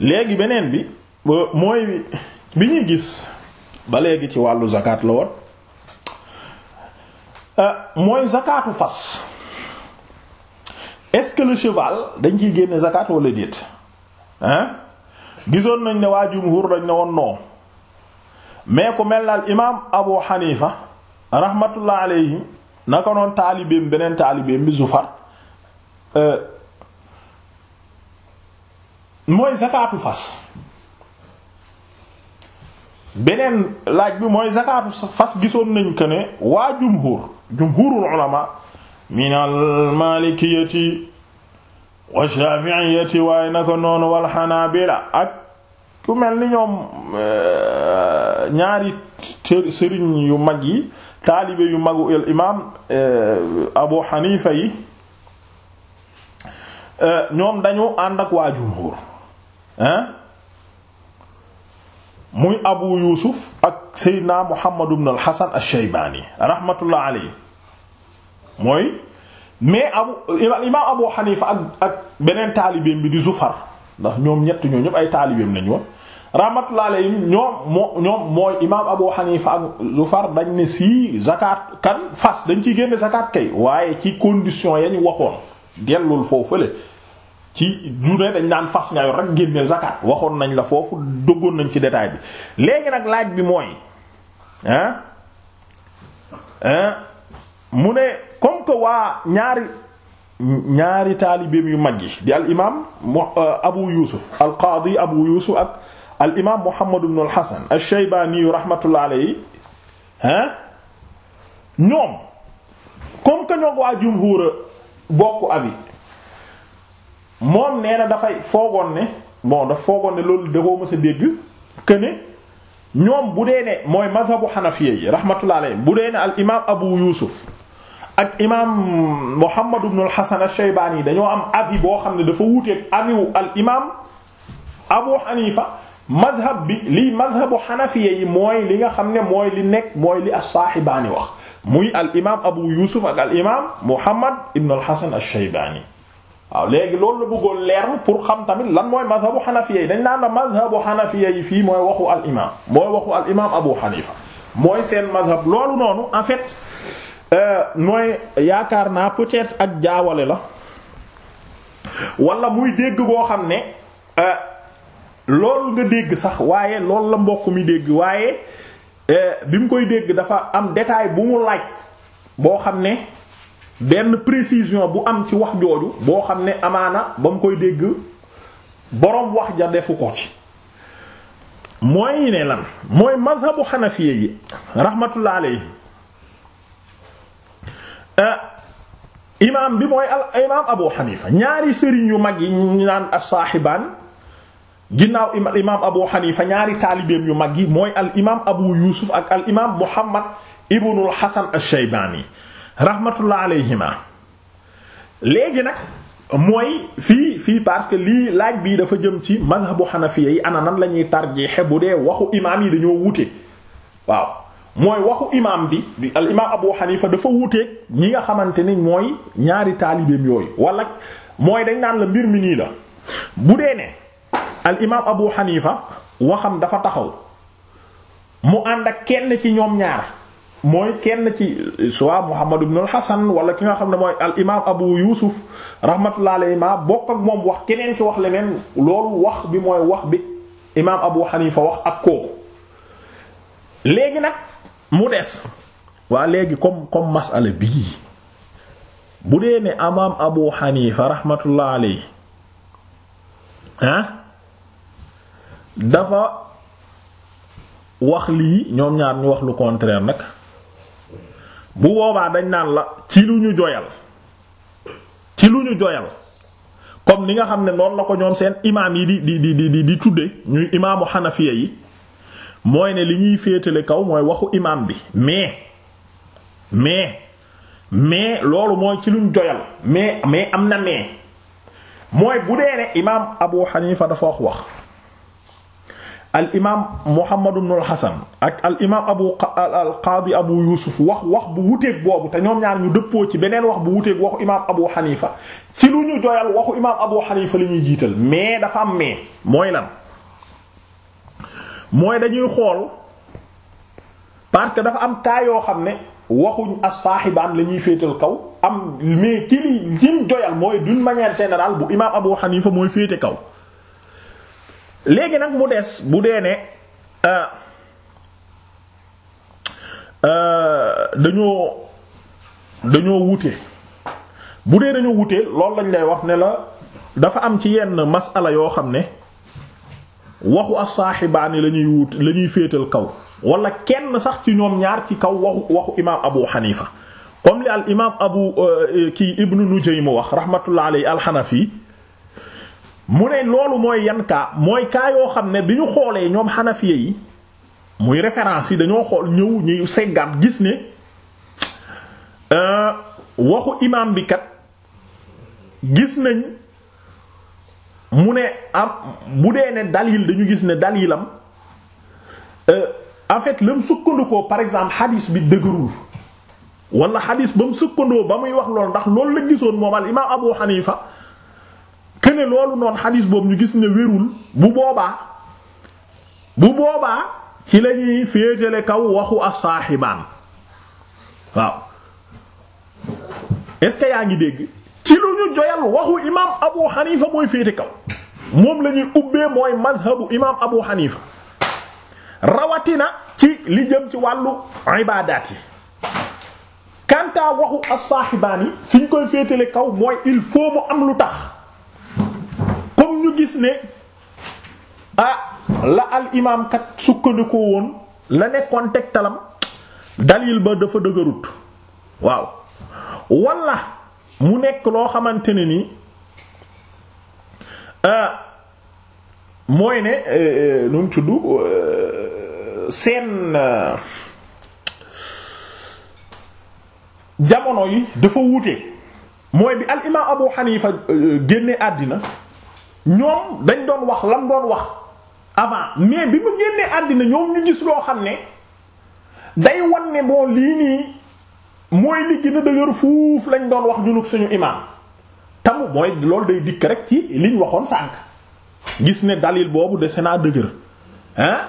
léegi beneen bi mooy bi ñuy gis ba léegi ci wàllu zakat la woon euh, mooy zakatu fas est-ce que le cheval dañ ciy génne zakat wala déet hein gisoon nañ ne waa jumhur dañ ne woon non mais ku mel na imaam Abu Hanifa rahmatullah alayhi naka noon taalibeem beneen taalibeem bi Zufar. Euh, mooy zakaatu fas beneen laaj bi mooy zakaatu fas gisoon nañ ne waa jumhur jumhurul ulama min al malikiyati wa shafi'iyati waaye naka noonu wal hanabila ak ku mel ni ñoom eh, ñaari sëriñ yu mag yi taalibe yu magu al imam eh, abu hanifa yi eh, ñoom dañu ànd ak waa jumhur hein muy abu yusuf ak seydina muhammad ibn al hasan al shaybaani rahmatullah alayhi mooy mais abu imaam abu xanifa ak ak beneen taalibeem bi di zufar ndax ñoom ñett ñoo ñëpp ay taalibeem lañu woon rahmatullah alayhi ñoom moo ñoom mooy imaam abu xanifa ak zufar dañ ne si zakat kan fas dañ ciy génn zakat kay waaye ci condition yañ waxoon dellul foofu fële ci du dañ naan fas nga yor rek génne zakat waxoon nañ la foofu doggoon nañ ci détail bi léegi nag laaj bi mooy hein mu ne comme que waa ñaari ñaari taalibeem yu mag yi di al imaam euh, abu yusuf al qaadi abu yusuf ak al imaam muhammad ibn al hasan al shaybaani yu rahmatullah hein ñoom comme que ñoo waa jumhuur bokk avis moom nee na dafay foogoon ne moo daf foogoon ne loolu da koo mës dégg que ne ñoom bu dee ne mooy mazhabu xanafiya yi rahmatullah alayhi bu dee ne al imaam Abu Yusuf ak imaam Muhammad ibn al Hasan ash-Shaybani dañoo am avis boo xam ne dafa wuuteeg aviwu al imaam Abu Hanifa mazhab bi liy mazhabu xanafiya yi mooy li nga xam ne mooy li nekk mooy li as-Saaxibaani wax muy al imaam Abu Yusuf ak al imaam Muhammad ibn al Hasan ash-Shaybani waaw léegi loolu la bëggoon leerm pour xam tamit lan mooy mazhabu xanafiya yi dañ naan la mazhabu xanafiya yi fii mooy waxu al imaam mooy waxu al imaam Abu Xanifa mooy seen mazhab loolu noonu en fait euh, mooy yaakaar naa peut-être ak jaawale la wala muy dégg boo xam ne euh, loolu nga dégg sax waaye loolu la mbokk mi dégg waaye euh, bi mu koy dégg dafa am détail bu mu laaj boo xam ne benn précision bu am ci wax jooju boo xam ne amaana ba mu koy dégg boroom wax ja defu ko ci mooy ne lan mooy mazhabu xanafiya yi rahmatullah alayhi eh, imaam bi mooy al imaam abu xanifa ñaari sëriñ yu mag yi ñu naan as-saaxibaan ginnaaw imaam abu xanifa ñaari taalibeem yu mag yi mooy al imaam abu yusuf ak al imaam muhammad ibnul xasan ash-shaybaani rahmatullah alayhima léegi nag mooy fii fii parce que lii laaj bii dafa jëm ci mazhabu xanafiya yi ana nan la ñuy tarjixe bu dee waxu imaam yi dañoo wute waaw mooy waxu imaam bi di al imaam Abu Xanifa dafa wuteeg ñi nga xamante ni mooy ñaari taalibeem yooyu wala mooy dañ naan la mbir mi nii la bu dee ne al imaam Abu Xanifa waxam dafa taxaw mu ànd ak kenn ci ñoom ñaar. mooy kenn ci soit Muhammad ibn al-Hasan wala ki nga xam ne mooy al imaam Abu Yusuf rahmatullah ma bokk ak moom wax keneen ci wax leneen loolu wax bi mooy wax bi imaam Abu Hanifa wax ak nag mu des waa léegi comme comme masala bii bu dee ne imaam Abu Hanifa ah, dafa wax lii ñoom ñaar ñu wax lu contraire nag. bu boobaa dañ naan la ci lu ñu joyal ci lu ñu joyal comme ni nga xam ne noonu la ko ñoom seen imaam yi di di di di di tudde ñuy imaamu xanafiya yi mooy ne li ñuy féetale kaw mooy waxu imaam bi mais mais mais loolu mooy ci luñ joyal mais mais am na mais mooy bu dee ne imaam Abu Xanifa dafa wax wax. al imaam Muhammad ibn al Hasan ak al imaam abu al qaadi abu Yusuf wax wax bu wuteeg boobu te ñoom ñaar ñu dëppoo ci beneen wax bu wuteeg waxu imaam abu Hanifa ci lu ñu doyal waxu imaam abu Hanifa la ñuy jiital mais dafa am mais mooy lan mooy dañuy xool parce que dafa am cas yoo xam ne waxuñ as-saaxibaan la ñuy féetal kaw am mais ki li ci doyal mooy d'une manière générale bu imaam abu Hanifa mooy féete kaw. léegi nag mu des bu dee ne euh, euh, dañoo dañoo wute bu dee dañoo wute loolu lañ lay wax ne la dafa am ci yenn masala yoo xam ne waxu as-saaxibaani lañuy wut la ñuy féetal kaw wala kenn sax ci ñoom ñaar ci kaw waxu imaam Abu Xanifa comme li al imaam Abu euh, kii Ibnu Nujaym mu wax rahmatullah alayhi al-Xanafi mu ne loolu mooy yan kaa mooy kaa yoo xam ne bi ñu xoolee ñoom xanafie yi muy référence yi dañoo xool ñëw ñuy seggaat gis ne euh, waxu imaam bi gis nañ mu ne am bu dee ne dalil dañu gis ne dalilam euh, en fait la mu sukkandikoo par exemple xadiis bi dëgërul wala xadiis ba mu sukkandoo ba muy wax loolu ndax loolu la gisoon moom al imaam Abu Xanifa loolu noon xadiis boobu ñu gis ne wérul bu boobaa bu boobaa ci la ñuy féetale kaw waxu as-saaxibaan waaw est yaa ngi dégg ci lu ñu joyal waxu imaam Abu Hanifa mooy féete kaw moom lañuy ñuy ubbee mooy madhabu imaam Abu Hanifa rawatina ci li jëm ci wàllu ibaadaat yi. kanta waxu as yi fi ñu koy féetale kaw mooy il faut mu am lu tax. comme ñu gis ne ah la al imaam kat sukkandikoo woon la nekkoon tegtalam dalil ba dafa dëgërut waaw wala mu nekk loo xamante ne nii euh, mooy ne euh, euh, nu mu tudd seen jamono yi dafa wuute mooy bi al imaam Abu Hanifa génne àddina ñoom dañ doon wax lan doon wax avant mais bi mu génnee àddina ñoom ñu gis loo xam ne day wan ne lii nii mooy li gën dëgër fuuf lañ doon wax ñunug suñu imaam tam mooy loolu day dikk rek ci liñ waxoon sànk gis ne dalil boobu dese naa dëgër ah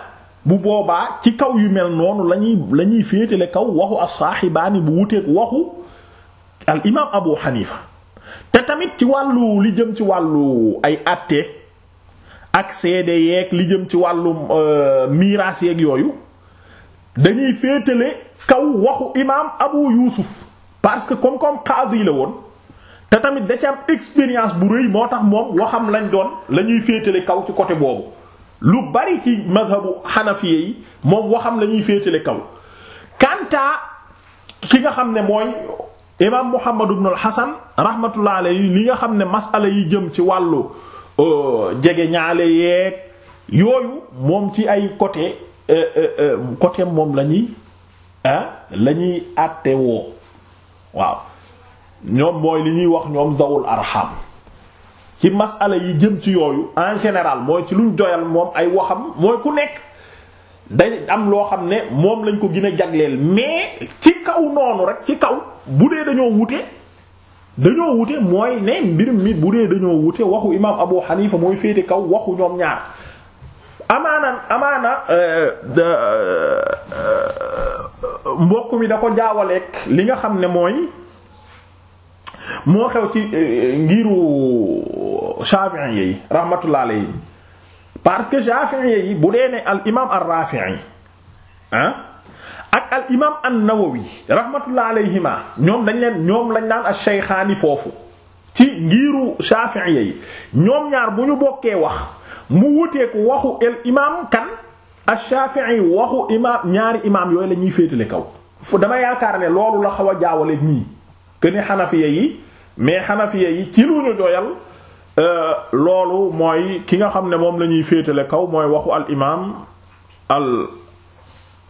bu boobaa ci kaw yu mel noonu lañuy la ñuy féetale kaw waxu as-saahibaani bu wuteeg waxu al imaam Abu Hanifa te tamit ci wàllu li jëm ci wàllu ay àtte ak seede yeeg li jëm ci wàllu euh, miraas yeeg yooyu dañuy féetale kaw waxu imaam Abu Yuusuf parce que comme comme qaadi la woon te tamit da ca am bu rëy moo tax moom waxam lañ doon la ñuy féetale kaw ci côté boobu lu bari ci mazhabu xanafiye yi moom waxam lañuy ñuy féetale kaw kanta ki nga xam ne mooy imaam Muhammad ibn al-Hasan rahmatullah alayhi li nga xam ne masala yi jëm ci wàllu euh, jege ñaale yeeg yooyu moom ci ay côté euh, euh, côté moom la ñuy la ñuy àtte woo waaw ñoom mooy li ñuy wax ñoom zawul arham ci masala yi jëm ci yooyu en général mooy ci luñ joyal moom ay waxam mooy ku nekk day am loo xam ne moom lañ ko gën a jagleel mais ci kaw noonu rek ci kaw bu dee dañoo wute dañoo wute mooy ne mbir mi bu dee dañoo wute waxu imaam Abu Hanifa mooy féete kaw waxu ñoom ñaar amaana amaana euh, euh, mbokk mi da ko jaawaleek li nga xam ne mooy moo xew ci euh, ngiru Shafi'i yi rahmatullah alayhi parce que Shafi'i yi bu dee ne al imaam ar-Rafi'i ah ak al imaam an-Nawawi rahmatullah alayhima ñoom dañ leen ñoom lañ naan ash-shaykhaani foofu ci ngiiru Shafi'iyya yi ñoom ñaar bu ñu bokkee wax mu wuteeku waxu el imaam kan ash-Shafi'i waxu imaam ñaari imaam yooyu la ñuy féetale kaw. fu dama yaakaar ne loolu la xaw a jaawale ñii que xanafiya yi mais xanafiya yi ci lu ñu doyal euh, loolu mooy ki nga xam ne moom la ñuy féetale kaw mooy waxu al imaam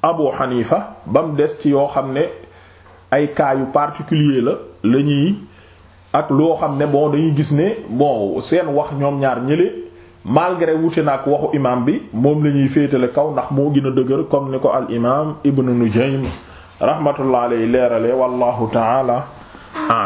Abu Hanifa ba mu des ci yoo xam ne ay cas yu particulier la la ñuy ak loo xam ne bon dañuy gis ne bon seen wax ñoom ñaar ñële malgré wuute na ak waxu imam bi moom la ñuy féetale kaw ndax moo gën a dëgër comme ni ko al imam Ibn Nujaym rahmatullah alayhi leerale wallahu taala